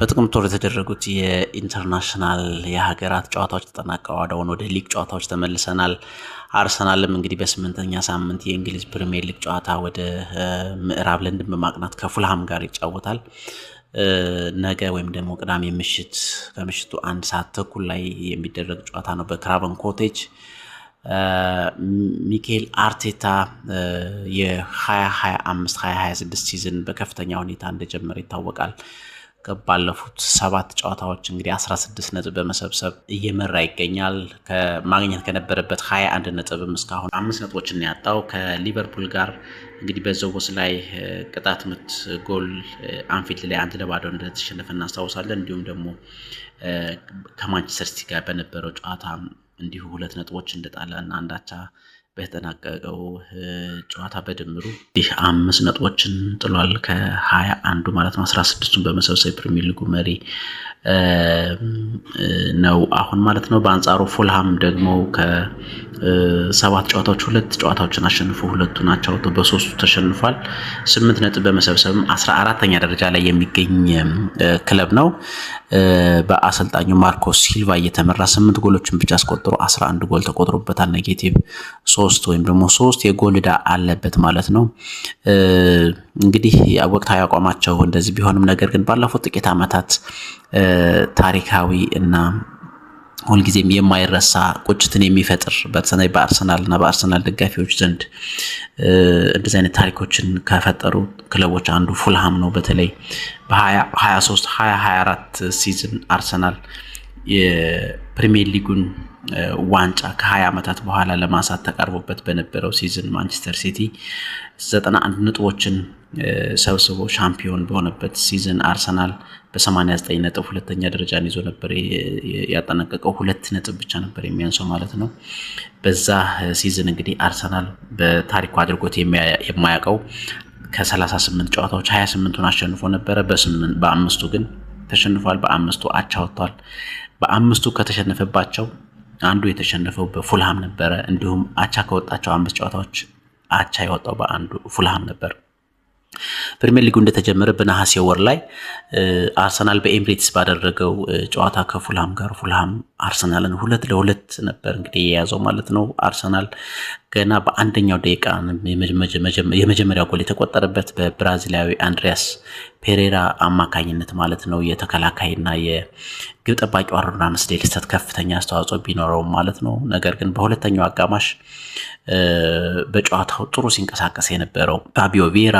በጥቅምት ወር የተደረጉት የኢንተርናሽናል የሀገራት ጨዋታዎች ተጠናቀዋደውን ወደ ሊግ ጨዋታዎች ተመልሰናል። አርሰናልም እንግዲህ በስምንተኛ ሳምንት የእንግሊዝ ፕሪሚየር ሊግ ጨዋታ ወደ ምዕራብ ለንደን በማቅናት ከፉልሃም ጋር ይጫወታል። ነገ ወይም ደግሞ ቅዳሜ ምሽት ከምሽቱ አንድ ሰዓት ተኩል ላይ የሚደረግ ጨዋታ ነው በክራቨን ኮቴጅ። ሚካኤል አርቴታ የ 2025 26 ሲዝን በከፍተኛ ሁኔታ እንደጀመረ ይታወቃል። ባለፉት ሰባት ጨዋታዎች እንግዲህ 16 ነጥብ በመሰብሰብ እየመራ ይገኛል። ማግኘት ከነበረበት 21 ነጥብም እስካሁን አምስት ነጥቦችን ያጣው ከሊቨርፑል ጋር እንግዲህ በዘቦስ ላይ ቅጣት ምት ጎል አንፊልድ ላይ አንድ ለባዶ እንደተሸነፈ እናስታውሳለን። እንዲሁም ደግሞ ከማንቸስተር ሲቲ ጋር በነበረው ጨዋታ እንዲሁ ሁለት ነጥቦች እንደጣለ እና አንዳቻ በተጠናቀቀው ጨዋታ በድምሩ እንዲህ አምስት ነጥቦችን ጥሏል። ከሀያ አንዱ ማለት ነው አስራ ስድስቱን በመሰብሰብ ፕሪሚየር ሊጉ መሪ ነው አሁን ማለት ነው። በአንጻሩ ፉልሃም ደግሞ ከሰባት ጨዋታዎች ሁለት ጨዋታዎችን አሸንፎ ሁለቱን ናቸው በሶስቱ ተሸንፏል። ስምንት ነጥብ በመሰብሰብም አስራ አራተኛ ደረጃ ላይ የሚገኝ ክለብ ነው። በአሰልጣኙ ማርኮስ ሲልቫ እየተመራ ስምንት ጎሎችን ብቻ አስቆጥሮ አስራ አንድ ጎል ተቆጥሮበታል። ኔጌቲቭ ሶስት ወይም ደግሞ ሶስት የጎል ዕዳ አለበት ማለት ነው። እንግዲህ ወቅታዊ አቋማቸው እንደዚህ ቢሆንም ነገር ግን ባለፉት ጥቂት ዓመታት ታሪካዊ እና ሁልጊዜም የማይረሳ ቁጭትን የሚፈጥር በተለይ በአርሰናል እና በአርሰናል ደጋፊዎች ዘንድ እንደዚህ አይነት ታሪኮችን ከፈጠሩ ክለቦች አንዱ ፉልሃም ነው። በተለይ በ23 2024 ሲዝን አርሰናል ፕሪሚየር ሊጉን ዋንጫ ከ20 ዓመታት በኋላ ለማንሳት ተቃርቦበት በነበረው ሲዝን ማንቸስተር ሲቲ 91 ነጥቦችን ሰብስቦ ሻምፒዮን በሆነበት ሲዝን አርሰናል በ89 ነጥብ ሁለተኛ ደረጃን ይዞ ነበር ያጠናቀቀው። ሁለት ነጥብ ብቻ ነበር የሚያንሰው ማለት ነው። በዛ ሲዝን እንግዲህ አርሰናል በታሪኩ አድርጎት የማያውቀው ከ38 ጨዋታዎች 28ቱን አሸንፎ ነበረ። በአምስቱ ግን ተሸንፏል፣ በአምስቱ አቻ ወጥቷል። በአምስቱ ከተሸነፈባቸው አንዱ የተሸነፈው በፉልሃም ነበረ። እንዲሁም አቻ ከወጣቸው አምስት ጨዋታዎች አቻ የወጣው በአንዱ ፉልሃም ነበር። ፕሪምየር ሊጉ እንደተጀመረ በነሐሴ ወር ላይ አርሰናል በኤምሬትስ ባደረገው ጨዋታ ከፉልሃም ጋር ፉልሃም አርሰናልን ሁለት ለሁለት ነበር እንግዲህ የያዘው ማለት ነው። አርሰናል ገና በአንደኛው ደቂቃ የመጀመሪያው ጎል የተቆጠረበት በብራዚላዊ አንድሪያስ ፔሬራ አማካኝነት ማለት ነው። የተከላካይና የግብ ጠባቂ አሮና መስሌ ልስተት ከፍተኛ አስተዋጽኦ ቢኖረውም ማለት ነው። ነገር ግን በሁለተኛው አጋማሽ በጨዋታው ጥሩ ሲንቀሳቀስ የነበረው ፋቢዮ ቬራ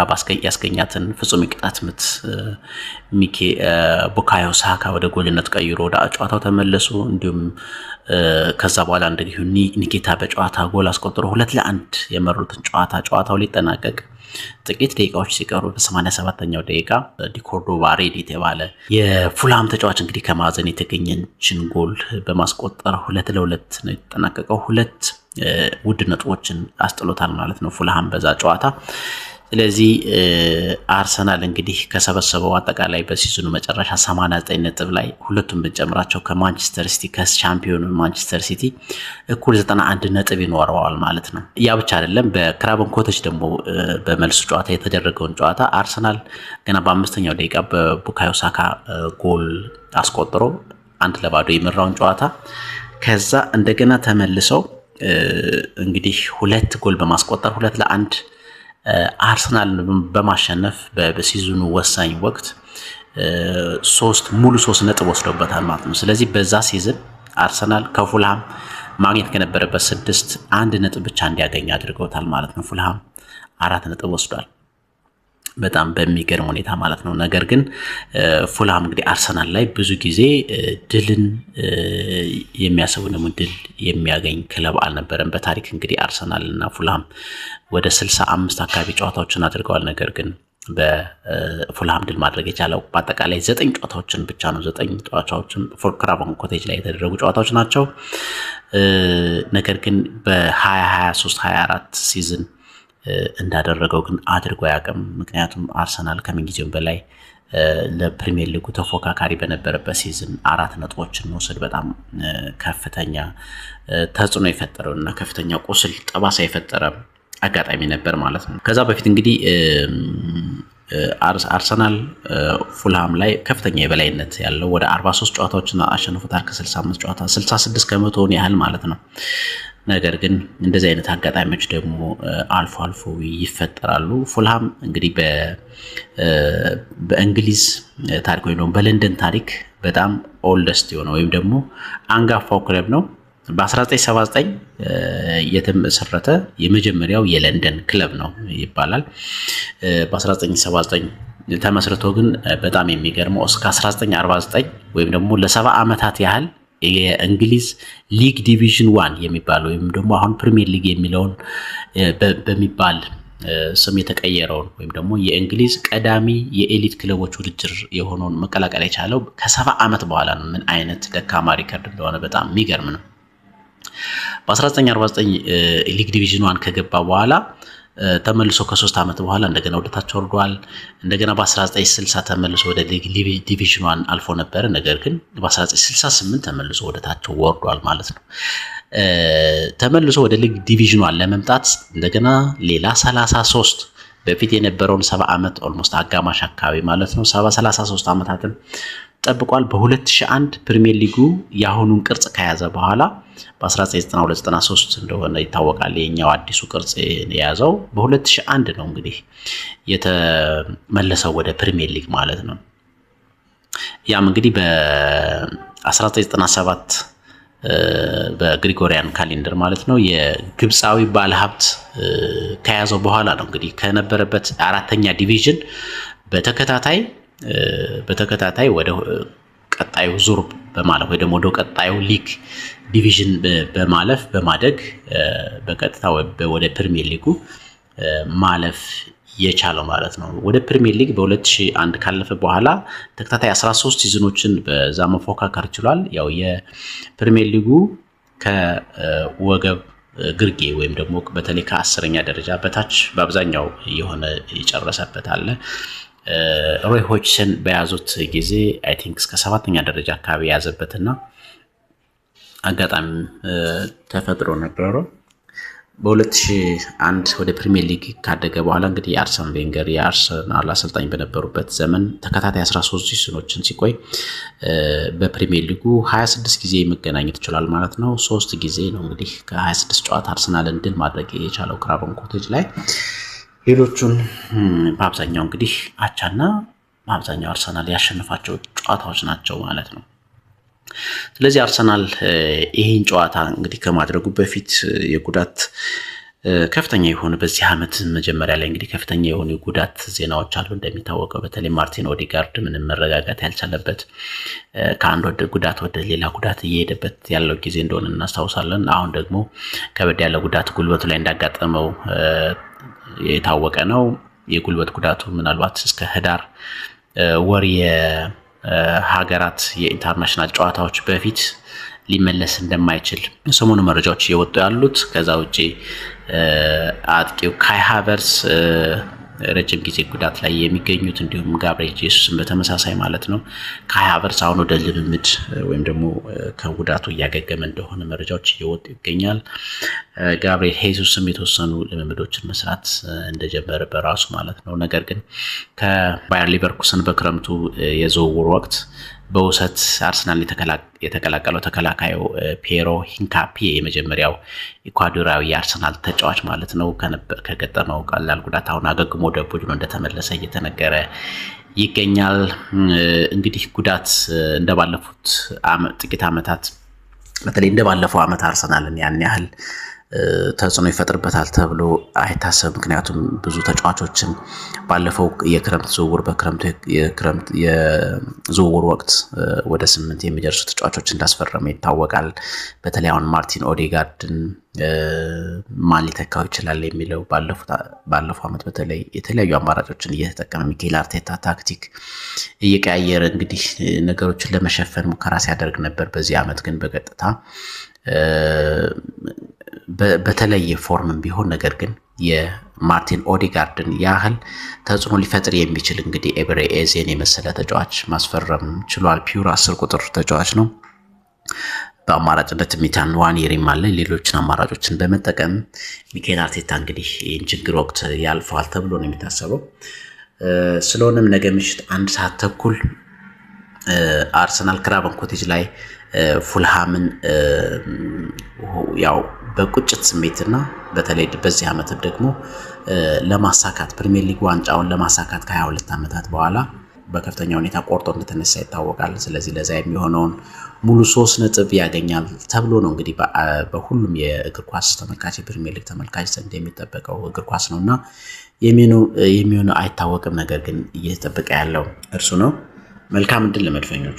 ያስገኛትን ፍጹም ቅጣት ምት ሚኬ ቡካዮ ሳካ ወደ ጎልነት ቀይሮ ወደ ጨዋታው ተመለሱ። እንዲሁም ከዛ በኋላ እንግዲህ ኒኬታ በጨዋታ ጎል አስቆጥሮ ሁለት ለአንድ የመሩትን ጨዋታ ጨዋታው ሊጠናቀቅ ጥቂት ደቂቃዎች ሲቀሩ በ87ኛው ደቂቃ ዲኮርዶ ባሬድ የተባለ የፉላም ተጫዋች እንግዲህ ከማዕዘን የተገኘችን ጎል በማስቆጠር ሁለት ለሁለት ነው የተጠናቀቀው። ሁለት ውድ ነጥቦችን አስጥሎታል ማለት ነው ፉላሃም በዛ ጨዋታ ስለዚህ አርሰናል እንግዲህ ከሰበሰበው አጠቃላይ በሲዝኑ መጨረሻ 89 ነጥብ ላይ ሁለቱም ብንጨምራቸው ከማንቸስተር ሲቲ ከሻምፒዮኑ ማንቸስተር ሲቲ እኩል 91 ነጥብ ይኖረዋል ማለት ነው። ያ ብቻ አይደለም። በክራቨን ኮተች ደግሞ በመልሱ ጨዋታ የተደረገውን ጨዋታ አርሰናል ገና በአምስተኛው ደቂቃ በቡካዮ ሳካ ጎል አስቆጥሮ አንድ ለባዶ የመራውን ጨዋታ ከዛ እንደገና ተመልሰው እንግዲህ ሁለት ጎል በማስቆጠር ሁለት ለአንድ አርሰናል በማሸነፍ በሲዝኑ ወሳኝ ወቅት ሶስት ሙሉ ሶስት ነጥብ ወስዶበታል ማለት ነው። ስለዚህ በዛ ሲዝን አርሰናል ከፉልሃም ማግኘት ከነበረበት ስድስት አንድ ነጥብ ብቻ እንዲያገኝ አድርገውታል ማለት ነው። ፉልሃም አራት ነጥብ ወስዷል። በጣም በሚገርም ሁኔታ ማለት ነው። ነገር ግን ፉልሃም እንግዲህ አርሰናል ላይ ብዙ ጊዜ ድልን የሚያስቡ ደግሞ ድል የሚያገኝ ክለብ አልነበረም። በታሪክ እንግዲህ አርሰናል እና ፉልሃም ወደ ስልሳ አምስት አካባቢ ጨዋታዎችን አድርገዋል። ነገር ግን በፉልሃም ድል ማድረግ የቻለው በአጠቃላይ ዘጠኝ ጨዋታዎችን ብቻ ነው። ዘጠኝ ጨዋታዎችን ክራቫን ኮቴጅ ላይ የተደረጉ ጨዋታዎች ናቸው። ነገር ግን በ2023 24 ሲዝን እንዳደረገው ግን አድርጎ አያውቅም። ምክንያቱም አርሰናል ከምንጊዜውም በላይ ለፕሪሚየር ሊጉ ተፎካካሪ በነበረበት ሲዝን አራት ነጥቦችን መውሰድ በጣም ከፍተኛ ተጽዕኖ የፈጠረው እና ከፍተኛ ቁስል ጠባሳ የፈጠረ አጋጣሚ ነበር ማለት ነው። ከዛ በፊት እንግዲህ አርሰናል ፉልሃም ላይ ከፍተኛ የበላይነት ያለው ወደ 43 ጨዋታዎችን አሸንፎታል። ከ65 ጨዋታ 66 ከመቶውን ያህል ማለት ነው። ነገር ግን እንደዚህ አይነት አጋጣሚዎች ደግሞ አልፎ አልፎ ይፈጠራሉ። ፉልሃም እንግዲህ በእንግሊዝ ታሪክ ወይም ደግሞ በለንደን ታሪክ በጣም ኦልደስት የሆነ ወይም ደግሞ አንጋፋው ክለብ ነው። በ1979 የተመሰረተ የመጀመሪያው የለንደን ክለብ ነው ይባላል። በ1979 ተመስርቶ ግን በጣም የሚገርመው እስከ 1949 ወይም ደግሞ ለሰባ ዓመታት ያህል የእንግሊዝ ሊግ ዲቪዥን ዋን የሚባል ወይም ደግሞ አሁን ፕሪሚየር ሊግ የሚለውን በሚባል ስም የተቀየረውን ወይም ደግሞ የእንግሊዝ ቀዳሚ የኤሊት ክለቦች ውድድር የሆነውን መቀላቀል የቻለው ከሰባ ዓመት በኋላ ነው። ምን አይነት ደካማ ሪከርድ እንደሆነ በጣም የሚገርም ነው። በ1949 ሊግ ዲቪዥን ዋን ከገባ በኋላ ተመልሶ ከሶስት ዓመት በኋላ እንደገና ወደታች ወርዷል። እንደገና በ1960 ተመልሶ ወደ ዲቪዥኗን አልፎ ነበረ። ነገር ግን በ1968 ተመልሶ ወደታቸው ወርዷል ማለት ነው። ተመልሶ ወደ ሊግ ዲቪዥኗን ለመምጣት እንደገና ሌላ 33 በፊት የነበረውን ሰባ ዓመት ኦልሞስት አጋማሽ አካባቢ ማለት ነው 33 ዓመታትን ጠብቋል። በ2001 ፕሪሚየር ሊጉ የአሁኑን ቅርጽ ከያዘ በኋላ በ1992/93 እንደሆነ ይታወቃል። የኛው አዲሱ ቅርጽ የያዘው በ2001 ነው እንግዲህ የተመለሰው ወደ ፕሪሚየር ሊግ ማለት ነው። ያም እንግዲህ በ1997 በግሪጎሪያን ካሌንደር ማለት ነው። የግብፃዊ ባለሀብት ከያዘው በኋላ ነው እንግዲህ ከነበረበት አራተኛ ዲቪዥን በተከታታይ በተከታታይ ወደ ቀጣዩ ዙር በማለፍ ወይ ደግሞ ወደ ቀጣዩ ሊግ ዲቪዥን በማለፍ በማደግ በቀጥታ ወደ ፕሪሚየር ሊጉ ማለፍ የቻለው ማለት ነው። ወደ ፕሪሚየር ሊግ በ2001 ካለፈ በኋላ ተከታታይ 13 ሲዝኖችን በዛ መፎካከር ችሏል። ያው የፕሪሚየር ሊጉ ከወገብ ግርጌ ወይም ደግሞ በተለይ ከአስረኛ ደረጃ በታች በአብዛኛው የሆነ የጨረሰበት አለ። ሮይ ሆችሰን በያዙት ጊዜ አይ ቲንክ እስከ ሰባተኛ ደረጃ አካባቢ የያዘበትና አጋጣሚ ተፈጥሮ ነበረው። በ2001 ወደ ፕሪሚየር ሊግ ካደገ በኋላ እንግዲህ የአርሰን ቬንገር የአርሰናል አሰልጣኝ በነበሩበት ዘመን ተከታታይ 13 ሲዝኖችን ሲቆይ በፕሪሚየር ሊጉ 26 ጊዜ መገናኘት ይችላል ማለት ነው። ሶስት ጊዜ ነው እንግዲህ ከ26 ጨዋታ አርሰናልን ድል ማድረግ የቻለው ክራቨን ኮቴጅ ላይ ሌሎቹን በአብዛኛው እንግዲህ አቻና በአብዛኛው አርሰናል ያሸንፋቸው ጨዋታዎች ናቸው ማለት ነው። ስለዚህ አርሰናል ይህን ጨዋታ እንግዲህ ከማድረጉ በፊት የጉዳት ከፍተኛ የሆነ በዚህ ዓመት መጀመሪያ ላይ እንግዲህ ከፍተኛ የሆኑ የጉዳት ዜናዎች አሉ። እንደሚታወቀው በተለይ ማርቲን ኦዲጋርድ ምንም መረጋጋት ያልቻለበት ከአንድ ወደ ጉዳት ወደ ሌላ ጉዳት እየሄደበት ያለው ጊዜ እንደሆነ እናስታውሳለን። አሁን ደግሞ ከበድ ያለ ጉዳት ጉልበቱ ላይ እንዳጋጠመው የታወቀ ነው። የጉልበት ጉዳቱ ምናልባት እስከ ህዳር ወር የሀገራት የኢንተርናሽናል ጨዋታዎች በፊት ሊመለስ እንደማይችል ሰሞኑ መረጃዎች እየወጡ ያሉት። ከዛ ውጭ አጥቂው ካይ ሃቨርስ ረጅም ጊዜ ጉዳት ላይ የሚገኙት እንዲሁም ጋብርኤል ጄሱስን በተመሳሳይ ማለት ነው። ከሀያ ሀቨርስ አሁን ወደ ልምምድ ወይም ደግሞ ከጉዳቱ እያገገመ እንደሆነ መረጃዎች እየወጡ ይገኛል። ጋብርኤል ሄሱስም የተወሰኑ ልምምዶችን መስራት እንደጀመረ በራሱ ማለት ነው። ነገር ግን ከባየር ሊቨርኩሰን በክረምቱ የዝውውር ወቅት በውሰት አርሰናል የተቀላቀለው ተከላካዩ ፔሮ ሂንካፒ የመጀመሪያው ኢኳዶራዊ የአርሰናል ተጫዋች ማለት ነው ከገጠመው ቀላል ጉዳት አሁን አገግሞ ወደ ቡድኑ እንደተመለሰ እየተነገረ ይገኛል። እንግዲህ ጉዳት እንደባለፉት ጥቂት ዓመታት በተለይ እንደባለፈው ዓመት አርሰናልን ያን ያህል ተጽዕኖ ይፈጥርበታል ተብሎ አይታሰብ። ምክንያቱም ብዙ ተጫዋቾችን ባለፈው የክረምት ዝውውር በክረምቱ የክረምት የዝውውር ወቅት ወደ ስምንት የሚደርሱ ተጫዋቾች እንዳስፈረመ ይታወቃል። በተለይ አሁን ማርቲን ኦዴጋርድን ማን ሊተካው ይችላል የሚለው ባለፈው ዓመት በተለይ የተለያዩ አማራጮችን እየተጠቀመ ሚኬል አርቴታ ታክቲክ እየቀያየረ እንግዲህ ነገሮችን ለመሸፈን ሙከራ ሲያደርግ ነበር። በዚህ ዓመት ግን በቀጥታ በተለየ ፎርምም ቢሆን ነገር ግን የማርቲን ኦዲጋርድን ያህል ተጽዕኖ ሊፈጥር የሚችል እንግዲህ ኤብሬ ኤዜን የመሰለ ተጫዋች ማስፈረም ችሏል። ፒውር አስር ቁጥር ተጫዋች ነው። በአማራጭነት ሚታን ዋኔሪም አለ። ሌሎችን አማራጮችን በመጠቀም ሚካኤል አርቴታ እንግዲህ ይህን ችግር ወቅት ያልፈዋል ተብሎ ነው የሚታሰበው። ስለሆነም ነገ ምሽት አንድ ሰዓት ተኩል አርሰናል ክራቨን ኮቴጅ ላይ ፉልሃምን ያው በቁጭት ስሜትና በተለይ በዚህ ዓመትም ደግሞ ለማሳካት ፕሪሚየር ሊግ ዋንጫውን ለማሳካት ከ22 ዓመታት በኋላ በከፍተኛ ሁኔታ ቆርጦ እንደተነሳ ይታወቃል። ስለዚህ ለዛ የሚሆነውን ሙሉ ሶስት ነጥብ ያገኛል ተብሎ ነው እንግዲህ በሁሉም የእግር ኳስ ተመልካች የፕሪሚየር ሊግ ተመልካች ዘንድ የሚጠበቀው እግር ኳስ ነው እና የሚሆነው አይታወቅም። ነገር ግን እየተጠበቀ ያለው እርሱ ነው። መልካም እድል ለመድፈኞች።